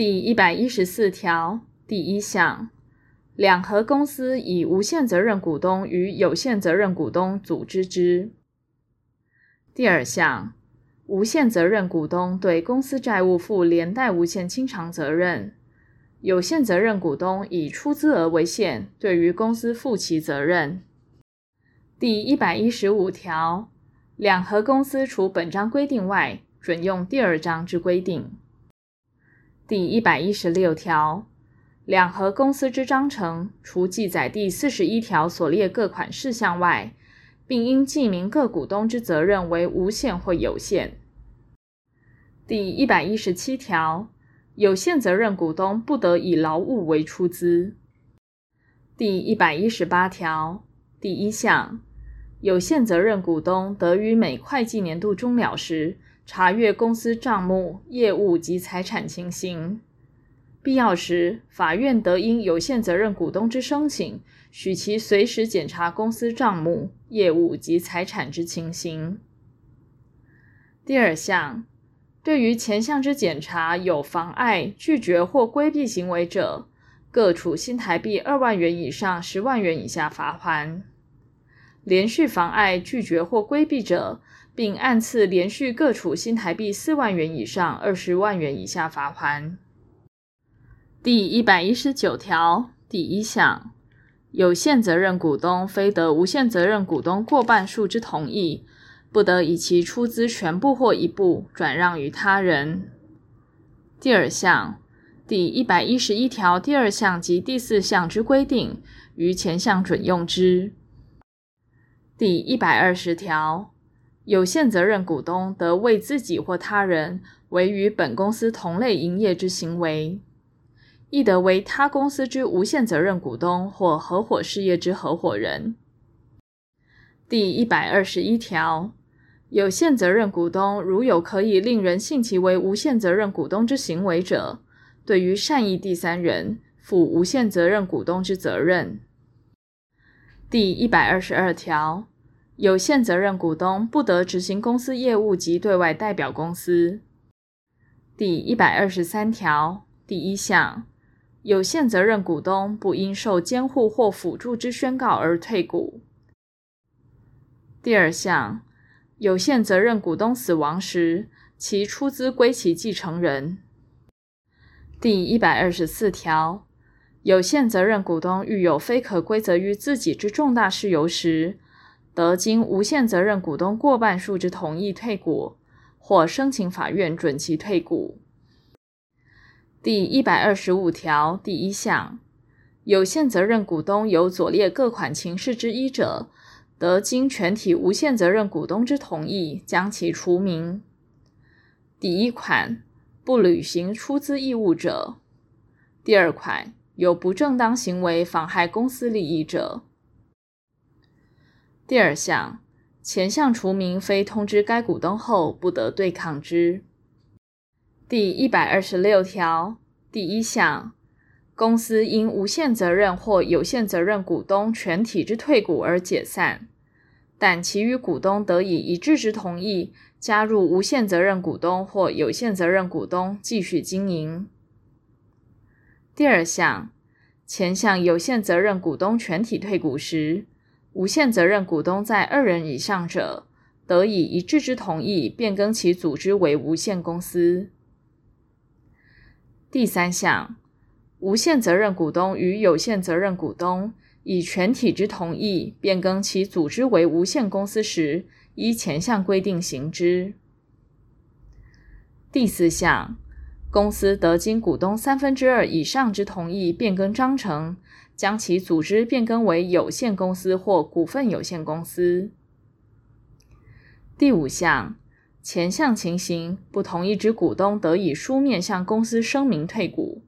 第一百一十四條第一項，兩合公司以無限責任股東與有限責任股東組織之。第二項，無限責任股東對公司債務負連帶無限清償責任，有限責任股東以出資額為限，對於公司負其責任。第一百一十五條，兩合公司除本章規定外，準用第二章之規定。第一百一十六條，兩合公司之章程，除記載第四十一條所列各款事項外，並應記明各股東之責任為無限或有限。第一百一十七條，有限責任股東不得以勞務為出資。第一百一十八條第一項，有限責任股東得於每會計年度終了時，查閱公司賬目、業務及財產情形，必要時，法院得因有限責任股東之申請，許其隨時檢查公司賬目、業務及財產之情形。第二項，對於前項之檢查有妨礙、拒絕或規避行為者，各處新台幣二萬元以上十萬元以下罰鍰；連續妨礙、拒絕或規避者，並按次連續各處新台幣四萬元以上、二十萬元以下罰鍰。第一百一十九條第一項，有限責任股東非得無限責任股東過半數之同意，不得以其出資全部或一部轉讓於他人。第二項，第一百一十一條第二項及第四項之規定，於前項準用之。第一百二十條。有限責任股東得為自己或他人為與本公司同類營業之行為，亦得為他公司之無限責任股東或合夥事業之合夥人。第一百二十一條，有限責任股東如有可以令人信其為無限責任股東之行為者，對於善意第三人負無限責任股東之責任。第一百二十二條。有限責任股東不得執行公司業務及對外代表公司。第一百二十三條第一項，有限責任股東不因受監護或輔助之宣告而退股。第二項，有限責任股東死亡時，其出資歸其繼承人。第一百二十四條，有限責任股東遇有非可歸責於自己之重大事由時，得經無限責任股東過半數之同意退股，或申請法院准其退股。第一百二十五條第一項，有限責任股東有左列各款情事之一者，得經全體無限責任股東之同意將其除名。第一款，不履行出資義務者；第二款，有不正當行為妨害公司利益者。第二項，前項除名非通知該股東後，不得對抗之。第一百二十六條第一項，公司因無限責任或有限責任股東全體之退股而解散，但其餘股東得以一致之同意加入無限責任股東或有限責任股東繼續經營。第二項，前項有限責任股東全體退股時，無限責任股東在二人以上者，得以一致之同意變更其組織為無限公司。第三項，無限責任股東與有限責任股東以全體之同意變更其組織為無限公司時，依前項規定行之。第四項。公司得經股東三分之二以上之同意，變更章程，將其組織變更為有限公司或股份有限公司。第五項，前項情形，不同意之股東得以書面向公司聲明退股。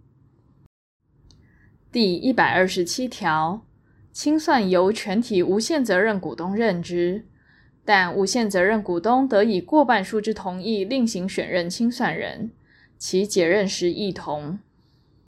第一百二十七條，清算由全體無限責任股東任之，但無限責任股東得以過半數之同意另行選任清算人。其解任時，亦同。